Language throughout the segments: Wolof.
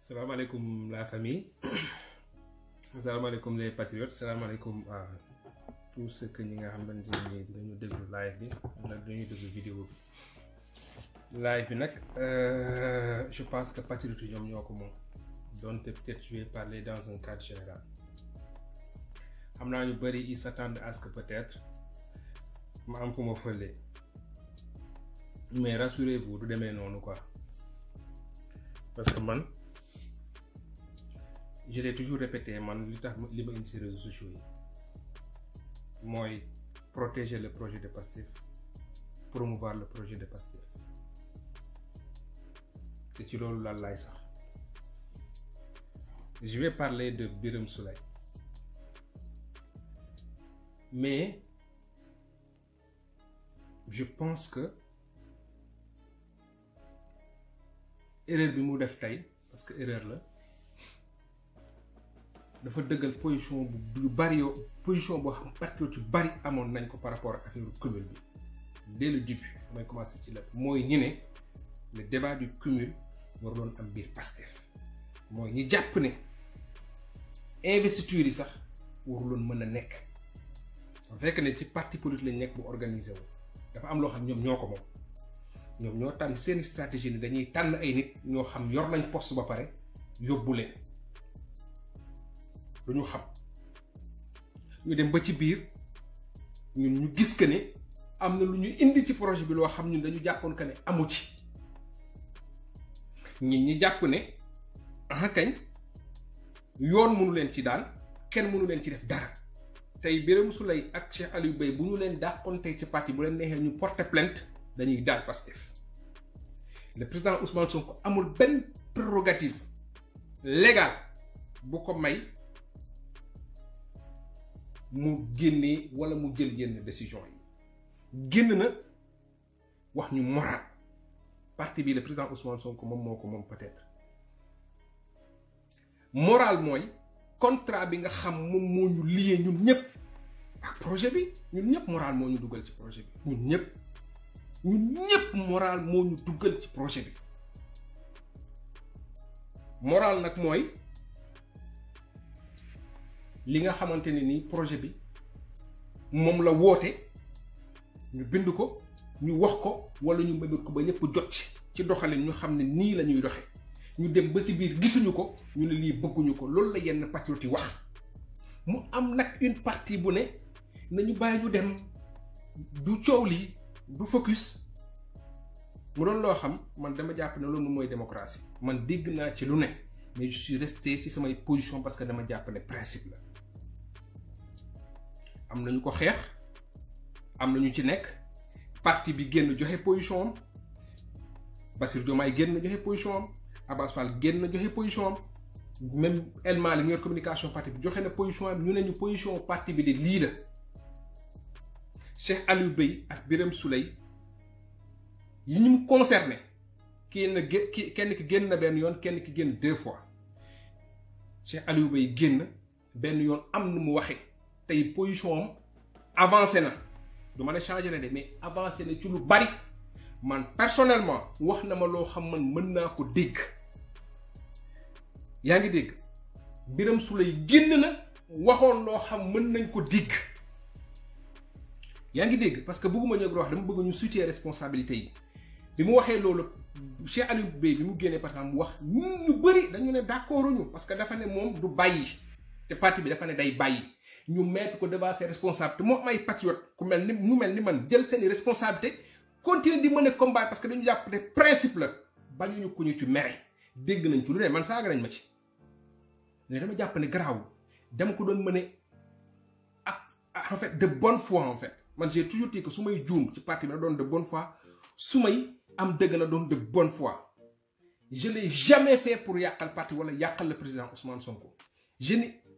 Salam alaikum la famille. Salam alaikum les patriotes. Salam alaikum à tous ceux que nous avons nous de live, nous avons de vidéo. Live, euh, je pense que patriotes nous avons comment. Donc peut-être je vais parler dans un cadre général. Amna ñu bari ils s'attendent à ce que peut-être ma am de fële mais rassurez-vous demain, non, noonu quoi parce que man je l'ai toujours répété man li tax li ma indi si réseaux sociaux yi mooy protéger le projet de Pastif... promouvoir le projet de Pastif... te ci loolu la lay sax je vais parler de Birame Soleil, mais je pense que erreur bi mu def tey parce que erreur la dafa dëggal position bu bari yoo position boo xam patriote yu bari amoon nañ ko par rapport ak affaire cumul bi dès le début damay commencé ci la mooy ñi ne le débat du cumul war doon am biir pasteur mooy ñi jàpp ne investiture yi sax waruloon mën a nekk bu fekkee ne ci parti politique lañ nekk bu organisé wu dafa am loo xam ñoom ñoo ko moom ñoom ñoo tànn seen stratégie ni dañuy tànn ay nit ñoo xam yor nañ poste ba pare yóbbu leen lu ñu xam ñu dem ba ci biir ñun ñu gis que am na lu ñu indi ci projet bi loo xam ñun dañu jàppoon que ne amu ci ñun ñi jàpp ne ah yoon mënu leen ci daan kenn mënu leen ci def dara tey Birame Souleye ak Cheikh yu Bey bu ñu leen dàqontee ci parti bu leen neexee ñu porter plainte dañuy daal Pastef le président Ousmane Sonko amul benn prérogative légale bu ko may mu génnee wala mu jël yenn décision yi génn na wax ñu moral parti bi le président Ousmane Sonko moom moo ko moom peut-être moral mooy contrat bi nga xam moom moo ñu lié ñun ñëpp ak ah, projet bi ñun ñëpp moral moo ñu dugal ci projet bi ñun ñëpp ñun ñëpp moral moo ñu dugal ci projet bi moral nag mooy li nga xamante ne ni projet bi moom la woote ñu bind ko ñu wax ko wala ñu mëbët ko ba ñëpp jot ci doxalin ñu xam ne nii la ñuy doxe ñu dem ba si biir gisuñu ko ñu ne lii bëgguñu ko loolu la yenn patriote yi wax mu am nag une partie bu ne nañu bàyyi ñu dem du coow lii du focus mu doon loo xam man dama jàpp ne loolu mooy démocratie man dégg naa ci lu ne mais je suis resté ci samay position parce que dama jàpp ne principe la am nañu ko xeex am nañu ci nekk parti bi génn joxe position am Bassirou Diomaye génn joxe position am Abass Fall génn joxe position am même El Malick communication parti bi joxe na position am ñu ne position parti bi de lii la Cheikh Aliou Bey ak Birame Souley yi kenn ki na yoon kenn ki deux fois Cheikh Aliou Bey génn benn yoon am nu tey position am na du ma changer na de mais avancé na ci lu bari man personnellement wax na ma lo xam man meun na ko dégg yaangi ngi biram Birame Souleye génn na waxoon loo xam meun nañ ko dégg yaangi ngi parce que bëgguma ñëg wax dama bëgg ñu situer responsabilité yi bi mu waxé loolu Cheikh Aliou Bey bi mu génné par exemple mu wax ñu bari dañu né d'accordu ñu parce que dafa né mom du bayyi té parti bi dafa né day bayyi ñu mettre ko devant ses responsabilités moom ay patriote ku melni ni mu mel man jël seeni responsabilité continuer di mën combat parce que dañu jàpp des principe la bañuñu ku ñu ci mere dégg nañ ci lu ne man saaga nañ ma ci né dama jàpp ne dama ko doon mën ak en fait de bonne foi en fait man j'ai toujours dit que sumay joom ci parti bi doon de bonne foi sumay am dëgg na doon de bonne foi je l'ai jamais fait pour yakal parti wala yakal le président Ousmane Sonko je n'ai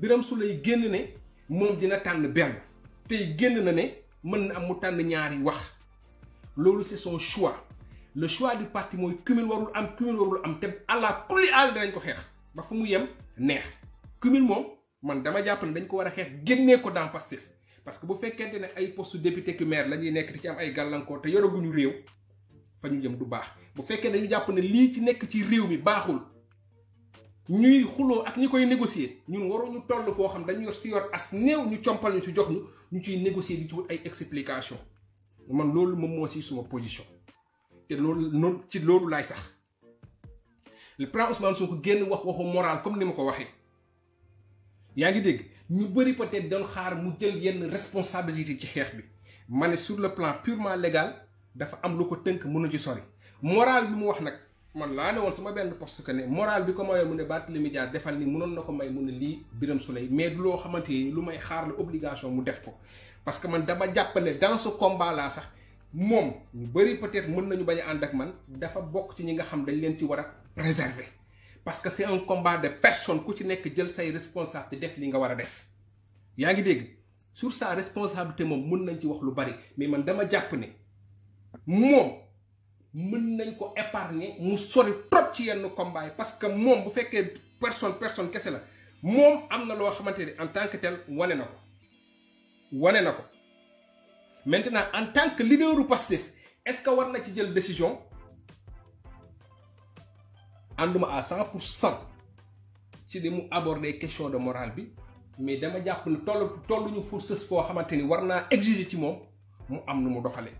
Biram soulay génn ne moom dina tànn benn ne mën am c'est son choix le choix du parti mooy cumul warul am cumul warul am te kulli ko xeex ba neex cumul moom man dama jàpp ne dañ ko ko parce que bu fekkente ne ay poste député que maire lañuy nekk ci am ay gàllankoor te yoraguñu réew fa ñu jëm du baax bu dañu ne ci ci mi ñuy xuloo ak ñi koy négocier ñun waruñu toll foo xam dañu yor si yor as néew ñu compal ñu si jox ñu ñu ciy négocier di ci wut ay explication man loolu moom moo si suma position te loolu noonu ci loolu laay sax le prend Ousmane Sonko génn wax waxu moral comme ni ma ko waxee yaa ngi dégg ñu bëri peut-être doon xaar mu jël yenn responsabilité ci xeex bi ma ne sur le plan purement légal dafa am lu ko tënk mënu ci sori moral bi mu wax nag. man laa ne woon sama benn poste que ne moral bi ko mayoon mu ne Barthélémy Dias defal ni mënoon na ko may mu ne lii Birame Souleye mais du loo xamante ni lu may xaar la obligation mu def ko parce que man dama jàpp ne dans ce combat sax moom bëri peut-être mën nañu bañ a ànd ak man dafa bokk ci ñi nga xam dañ leen ci war a préserver parce que c'est un combat de personne ku ci nekk jël say responsabilité def li nga war a def yaa ngi dégg sur sa responsabilité moom mën nañ ci wax lu bari mais man dama jàpp ne moom. mën nañ ko épargner mu sori trop ci yenn combat yi parce que moom bu fekkee personne personne kese la moom am na loo xamante ni en tant que tel wane na ko wane na ko maintenant en tant que leaderu passif est-ce que war na ci jël décision anduma à cent pour cent ci ni mu aborder question de morale bi mais dama jàpp ni toll tolluñu forces foo xamante ni war naa exiger ci moom mu am nu mu doxalee.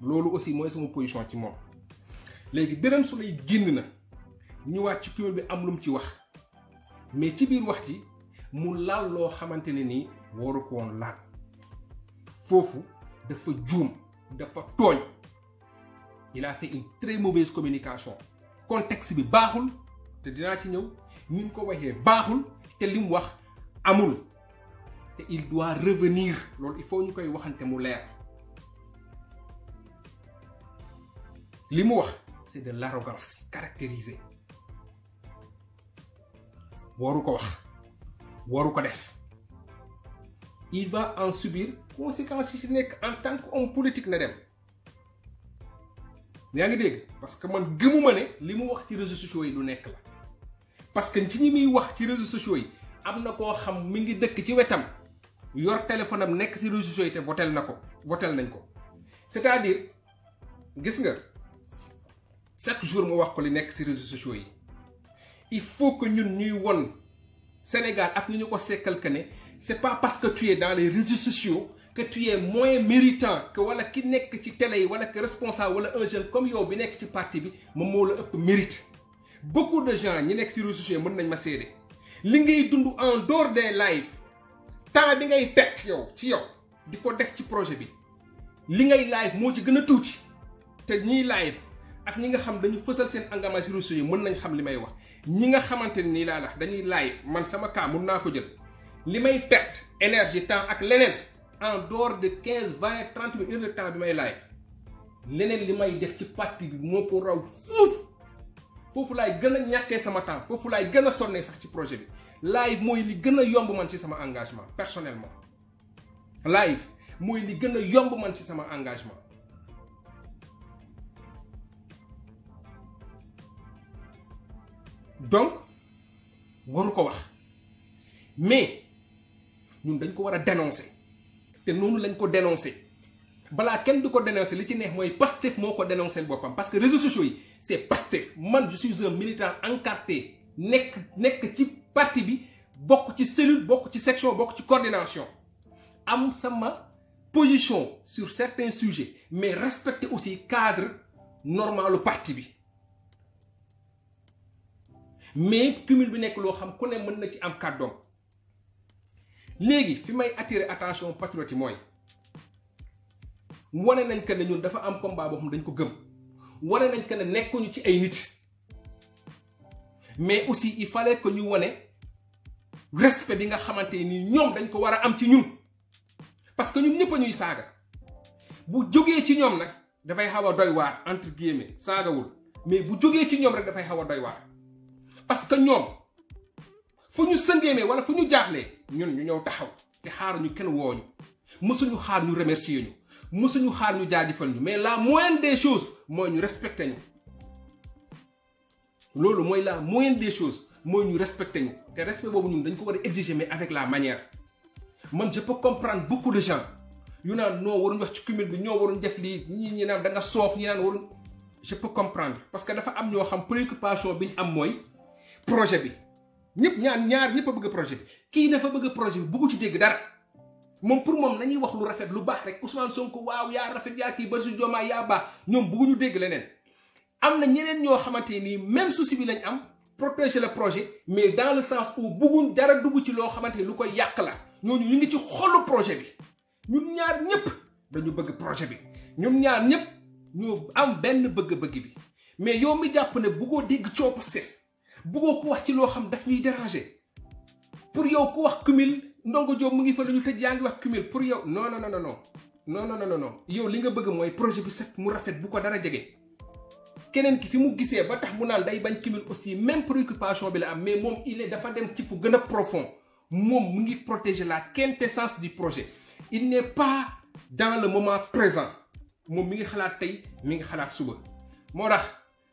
Lolo aussi moy sama position ci mom légui guinn na ci bi am lu mais ci biir wax ci mu laal lo xamanteni il a fait une très mauvaise communication contexte bi baaxul te dina ci ñew ko te il doit revenir il faut waxante li wax c'est de l'arrogance caractérisée waru ko wax waru ko def il va en subir conséquences yi si nekk en tant que politique na dem yaa ngi parce que man gëmuma ne li mu wax ci réseaux sociaux yi du nekk la parce que ci ñi muy wax ci réseaux sociaux yi am na koo xam mi ngi dëkk ci wetam yor téléphone am nekk ci réseaux sociaux yi te votel na ko votel ko c'est-à-dire gis nga chaque jour mo wax ko li nek ci réseaux sociaux yi il faut que ñun ñuy won Sénégal ak ñu ko sékkal que ne c'est pas parce que tu es dans les réseaux sociaux que tu es moins méritant que wala ki nek ci télé yi wala que responsable wala un jeune comme yow bi nek ci parti bi mo mo la ëpp mérite beaucoup de gens ñi nek ci réseaux sociaux mën nañ ma sédé li ngay dund en dehors des lives temps bi ngay perte yow ci yow diko def ci projet bi li ngay live mo ci gëna a tuuti te ñi live ak ñi nga xam dañu fësal seen engagement ci réseaux yi mën nañ xam li may wax ñi nga xamante ni laa la dañuy live man sama cas naa ko jël li may perte énergie temps ak leneen en dehors de quinze vingt trente mille heures temps bi may live leneen li may def ci parti bi moo ko raw foofu foofu laay gën a ñàkkee sama temps foofu laay gën a sonnee sax ci projet bi live mooy li gën a yomb man ci sama engagement personnellement live mooy li gën a yomb man ci sama engagement donc waru ko wax mais ñun dañ ko devons dénoncer nous, nous lañ ko dénoncer Bala ken du ko dénoncer li ci neex moy Pastef moko le dénoncer parce que réseaux sociaux yi c'est Pastef man je suis un militant encarté nek nek ci parti bi bokk ci cellule bokk ci section bokk ci coordination am sama position sur certains sujets mais respecter aussi cadre normal du parti bi mais cumul bi nek lo xam ku ne mën na ci am cadeau légui fi may attirer attention patriote moy woné wane nañ que ñun dafa am combat boo xam dañ ko gëm wane nañ que ne nekkuñu ci ay nit mais aussi il fallait que ñu wane respect bi nga xamanté ni ñom dañ ko wara am ci ñun parce que ñun ñëpp ñuy saga, bu joggé ci ñom nak da fay xawa doy war entre guillemets saagawul mais bu joggé ci ñom rek da fay xawa doy war parce que ñom fu ñu sëngeemee wala fu ñu jaaxlee ñun ñu ñëw taxaw té te ñu kenn wooñu mësuñu xaar ñu remercier ñu mësuñu xaar ñu jaajëfal ñu mais la moyenne des choses mooy ñu respecté ñu lolu moy la moyenne des choses mooy ñu respecté ñu té respect bobu ñun dañ ko wara exiger mais avec la manière man je peux comprendre beaucoup de gens yu naan noo waruñ wax ci cumul bi ñoo waruñ def lii ñii ñi naan da nga soof ñi naan waruñ je peux comprendre parce que dafa am ñoo xam préoccupation bi ñu am mooy projet bi ñep ñaan ñaar ñep bëgg projet bi na fa bëgg projet bi bëggu ci dégg dara mom pour mom nañuy wax lu rafet lu bax rek Ousmane Sonko waaw ya rafet yaa Bassirou Diomaye ñu dégg leneen am ñeneen ño xamanteni ni même souci bi lañ am protéger le projet mais dans le sens où bëgguñ dara dugg ci lo xamanteni lu koy yak la ñoo ñu ngi ci xolu projet bi ñun ñaar ñep dañu bëgg projet bi ñun ñaar ñep ñu am benn bëgg-bëgg bi mais yow mi japp ne bëggoo dégg ciop sef bëggoo ko wax ci loo xam daf ñuy déranger pour yow ku wax cumul ndongo Diop mu ngi fa la ñu tëj yaa ngi wax cumul pour yow non non non non non non non yow li nga bëgg mooy projet bi set mu rafet bu ko dara jege. keneen ki fi mu gisee ba tax mu naan day bañ cumul aussi même préoccupation bi la am mais moom il est dafa dem ci fu gën a profond moom mu ngi protéger la quintessence du projet il n'est pas dans le moment présent moom mi ngi xalaat tey mi ngi xalaat suba moo tax.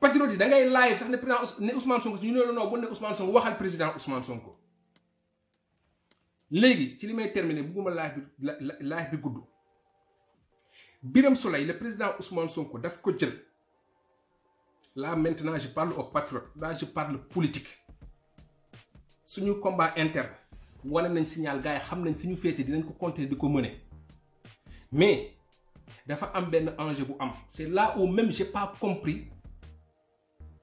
Patriote yi da ngay live sax ne président Ousmane Sonko ñu ne la non bu ne Ousmane Sonko waxal président Ousmane Sonko léegi ci li may terminer bugguma live bi live bi gudd Birame le président Ousmane Sonko daf ko jël là maintenant je parle aux patriotes là je parle politique suñu combat interne wane nañ signal gaay xam nañ fi ñu féete dinañ ko compter di ko mais dafa am benn enjeu bu am c'est là où même j'ai pas compris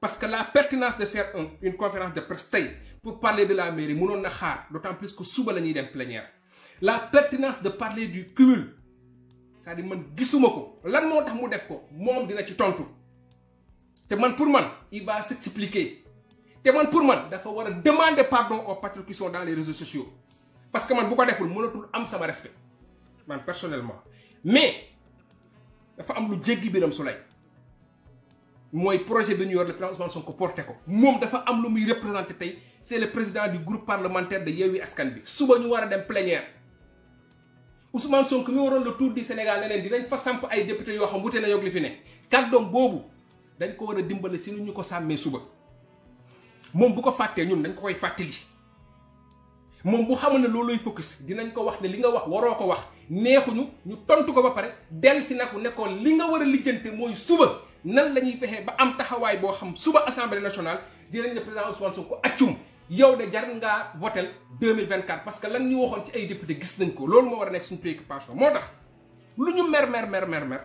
parce que la pertinence de faire une conférence de presse pour parler de la mairie Monon na d'autant plus que souba la ñuy dem plénière la pertinence de parler du cumul c'est-à-dire man gisuma ko lan moo tax mu def ko moom dina ci tontu te man pour moi, il va s'expliquer te man pour moi, dafa va demander pardon aux patriotes qui sont dans les réseaux sociaux parce que man bu ko deful mënatul am sama respect man personnellement mais dafa am lu jéggi biram su soleil moy projet bi ñu yor le président Ousmane Sonko porté ko mom dafa am lu muy représenter tay c'est le président du groupe parlementaire de Yewi Askan bi suba ñu wara dem plénière Ousmane Sonko mi waroon le tour du Sénégal ne di dinañ fa samp ay député yo xam wuté na yoog li fi ne kàddoom bobu dañ ko wara dimbalé dimbale ñu ko samé suba mom bu ko faté ñun dañ ko koy fàttali mom bu xamul ne looluy focus dinañ ko wax né li nga wax waro ko wax neexuñu ñu tontu ko ba paré del ci si nag nekkoon li nga wara lijeenté moy suba nan la ñuy fexee ba am taxawaay boo xam suba assemblée nationale jëlee nga président Ousmane Sonko accum yow de jar ngaa votel 2024 parce que lan ñu waxoon ci ay député gis nañ ko loolu moo war a nekk suñu préoccupation moo tax lu ñu mer mer mer mer mer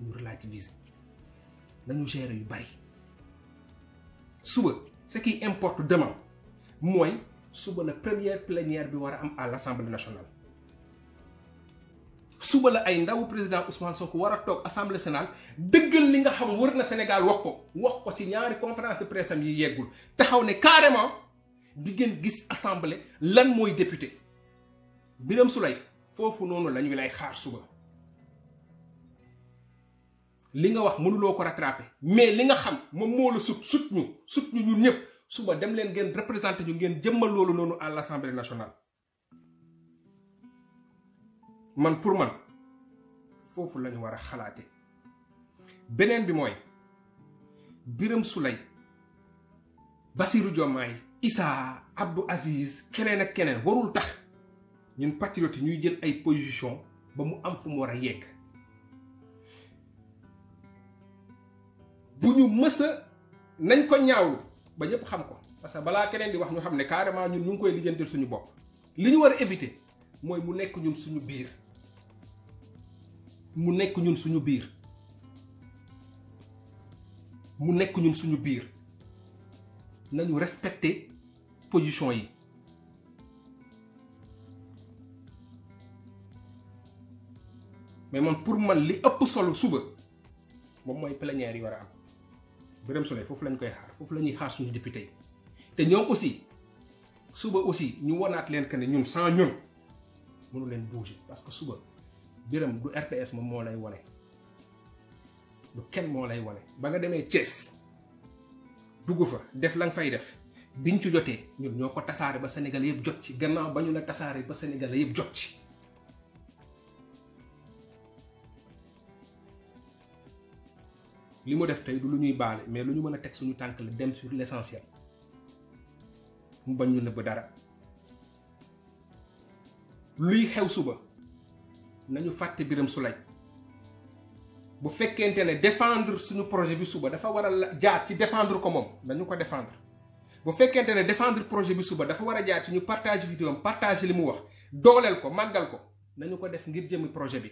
ñu relativiser nañu gérer yu bari suba ce qui importe demain mooy suba la première plénière bi war a am à l'Assemblée nationale suba la ay ndaw président Ousmane Sonko war a toog assemblée nationale dëggal li nga xam wër na Sénégal wax ko wax ko ci ñaari conférence de presse am yi yeggul taxaw ne carrément di ngeen gis assemblée lan mooy député Birame Souleye foofu noonu la ñu lay xaar suba. li nga wax mënuloo ko rattraper mais li nga xam moom moo la sut sut ñu sut ñu ñun ñëpp suba dem leen ngeen représenté ñu ngeen jëmmal loolu noonu à l'assemblée nationale. man pour man foofu lañu war a xalaate beneen bi mooy Birame Souleye basiiru Diomaye Issa Abdou Aziz keneen ak keneen warul tax ñun patriotes ñuy jël ay position ba mu am fu mu war a yegg bu ñu mës a nañ ko ñaawlu ba ñëpp xam ko parce que balaa keneen bi wax ñu xam ne carrément ñun ñu ngi koy lijjantil suñu bopp li ñu war a éviter mooy mu nekk ñun suñu biir mu nekk ñun suñu biir mu nekk ñun suñu biir nañu respecter position yi mais man pour man li ëpp solo suba moom mooy plénière yi war a am Birame Souleye foofu lañ koy xaar foofu la ñuy xaar suñu député yi te ñoom aussi suba aussi ñu wanaat leen que ne ñun sans ñun mënu leen bouger parce que suba Birame du RTS moom moo lay wane du kenn moo lay wone ba nga demee Thiès dugg fa def la nga fay def biñ ci jotee ñun ñoo ko tasaare ba Sénégal yëpp jot ci gannaaw ba ñu la tasaare ba Sénégal yëpp jot ci li mu def tey lu ñuy baale mais lu ñu mën a teg suñu tànk la dem sur l'essentiel mu bañ ñu nëbb dara luy xew suba nañu fàtte Birame Souleye bu fekkente ne défendre suñu projet bi suba dafa war a jaar ci défendre ko moom nañu ko defendre bu fekkente ne défendre projet bi suba dafa war a jaar ci ñu partage vidéo am partage li mu wax dooleel ko màggal ko nañu ko def ngir jëmi projet bi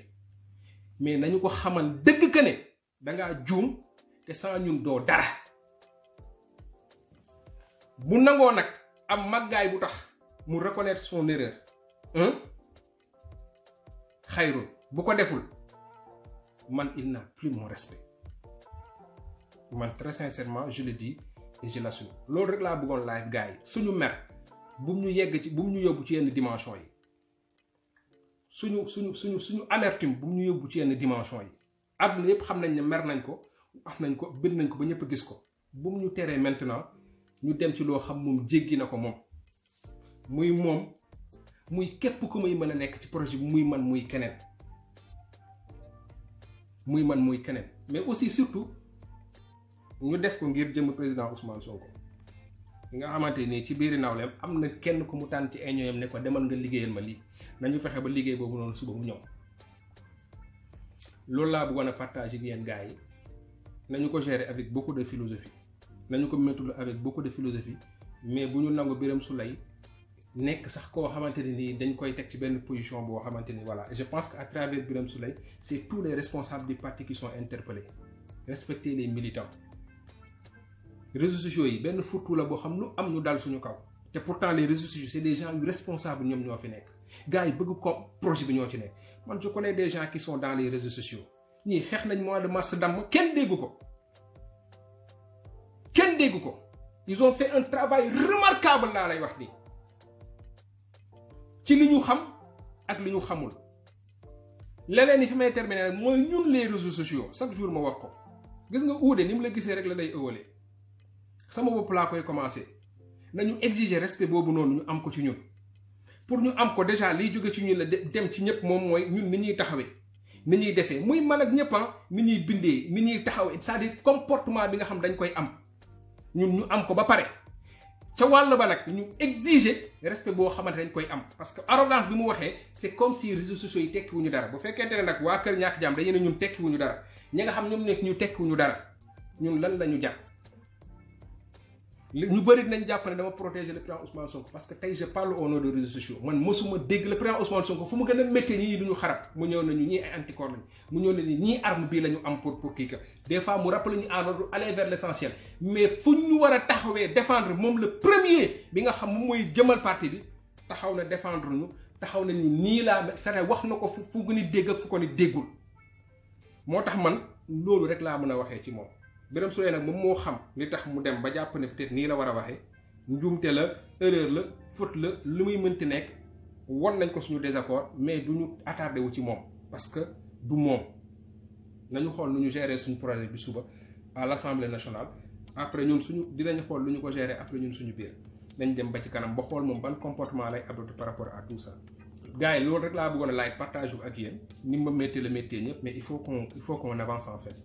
mais nañu ko xamal dëgg que ne dangaa juum te sans ñun doo dara bu nangoo nag am maggaay bu tax mu reconnaître son bu ko man il n'a plus mon respect très sincèrement je le dis et je l'assume live gars suñu mer bu yegg ci bu ci yenn dimension yi suñu suñu suñu suñu amertume bu ci yenn dimension yi ak mer nañ ko nañ ko nañ ko ba bu maintenant ñu dem muy képp ku muy mën a nekk ci projet bi muy man muy keneen muy man muy keneen mais aussi surtout ñu def ko ngir jëm président Ousmane Sonko nga xamante ni ci biiri nawleem am na kenn ku mu tànn ci ay ñooyam ne ko demal nga liggéeyal ma lii nañu fexe ba liggéey boobu noonu suba mu ñëw loolu laa bëggoon a partager ak yéen gars yi nañu ko gérer avec beaucoup de philosophie nañu ko méttul avec beaucoup de philosophie mais bu ñu nangu Birame Souleye nekk sax koo xamante ni dañ koy teg ci benn position boo xamante ni voilà je pense que à travers Birame Souleye c' est tous les responsables du parti qui sont interpellés respecter les militants réseaux sociaux yi benn furtu la boo xam lu am ñu dal suñu kaw te pourtant les réseaux sociaux c' est des gens responsables ñoom ñoo fi nekk gars yi bëgg ko projet bi ñoo ci nekk man je connais des gens qui sont dans les réseaux sociaux ñii xeex nañ mois de mars damm kenn dégg ko kenn dégg ko ils ont fait un travail remarquable laa lay wax nii ci li ñu xam ak li ñu xamul leneen yi fi may terminer rek mooy ñun les réseaux sociaux chaque jour ma wax ko gis nga uude ni mu la gisee rek la lay ëwalee sama bopp laa koy commencé nañu exiger respect boobu noonu ñu am ko ci ñun pour ñu am ko déjà liy jóge ci ñun la dem ci ñëpp moom mooy ñun ni ñuy taxawee ni ñuy defee muy man ak ñëpp ah, ni ñuy bindee ni ñuy taxawee c'est-à-dire comportement bi nga xam dañ koy am ñun ñu am ko ba pare ca wàll ba nag ñu exiger respect boo xamante dañ koy am parce que arrogance bi mu waxee c' est comme si réseaux sociaux yi tekkiwuñu dara bu fekkente ne nag waa Kër Ñàkk Jàmm dañu ne ñun tekkiwuñu dara ñi nga xam ñoom nekk ñu tekkiwuñu dara ñun lan la ñu jàpp ñu bëri nañ jàpp dama protéger le président Ousmane Sonko parce que tey je parle au nom des réseaux sociaux man mosuma dégg le président Ousmane Sonko fu mu gën a méttee ñi duñu xarab mu ñëw nañu ñii ay anticorps lañu mu ñëw nañu ñii arme bii la am pour pour kii ka des fois mu rappelé ñu en ordre aller vers essentiel mais fu ñu war a taxawee défendre moom la premier bi nga xam moom mooy jëmal parti bi taxaw na défendre ñu taxaw nañu nii laa sare wax na ko fu fu gën a dégg ak fu ko ni déggul moo tax man loolu rek laa mën a waxee ci moom Birame Souleye nak mom mo xam li tax mu dem ba japp ne peut-être ni la wara a waxee la erreur la faute la lu muy mënti nekk won nañ ko suñu désaccord mais duñu ñu wu ci mom parce que du mom nañu xol nuñu gérer suñu projet bi suba à l'Assemblée nationale après ñun suñu dinañ xool lu ñu ko gérer après ñun suñu biir nañ dem ba ci kanam ba xol mom ban comportement lay adopté par rapport à tout ça gars yi loolu rek laa bëggoon a laay partage ak yéen ni ma métti la métti ñëpp mais il faut qu'on il faut qu'on avance en fait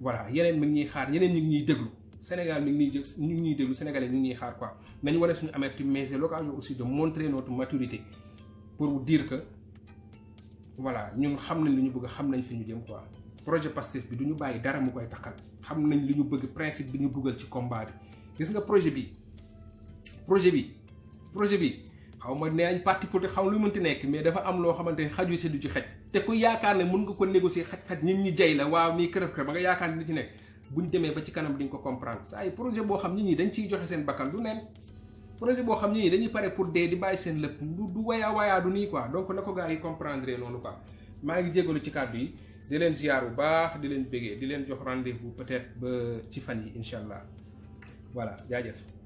voilà yeneen mi ngi ñuy xaar yeneen ñu ngi ñuy déglu Sénégal mi ngi ñuy dég ñu ngi ñuy déglu Sénégalais ñu ngi ñuy xaar quoi ñu wane suñu amertume mais c'est l'occasion aussi de montrer notre maturité pour dire que voilà ñun xam nañ lu ñu bëgg xam nañ fi ñu jëm quoi projet Pastef bi du ñu bàyyi dara mu koy taxal xam nañ lu ñu bëgg principe bi ñu buggal ci combat bi gis nga projet bi projet bi projet bi xaw ma nee nañ parti politique xaw lu mënti nekk mais dafa am loo xamante ne xaju si du ci te ku yaakaar ne mun nga ko négocier xaj-xaj nit ñi jay la waaw mii kërëf kërëf ba nga yaakaar ne ci nekk buñ demee ba ci kanam diñ ko comprendre saa ay projet boo xam nit ñi dañ ciy joxe seen bakkan du neen projet boo xam nit ñi dañuy pare pour dee di bàyyi seen lëpp du du wayaa wayaa du nii ko donc na ko gars yi comprendre noonu quoi maa ngi jégalu ci kàddu yi di leen ziar bu baax di leen bégee di leen jox rendez-vous peut-être ba ci fan yi incha allah voilà jaajëf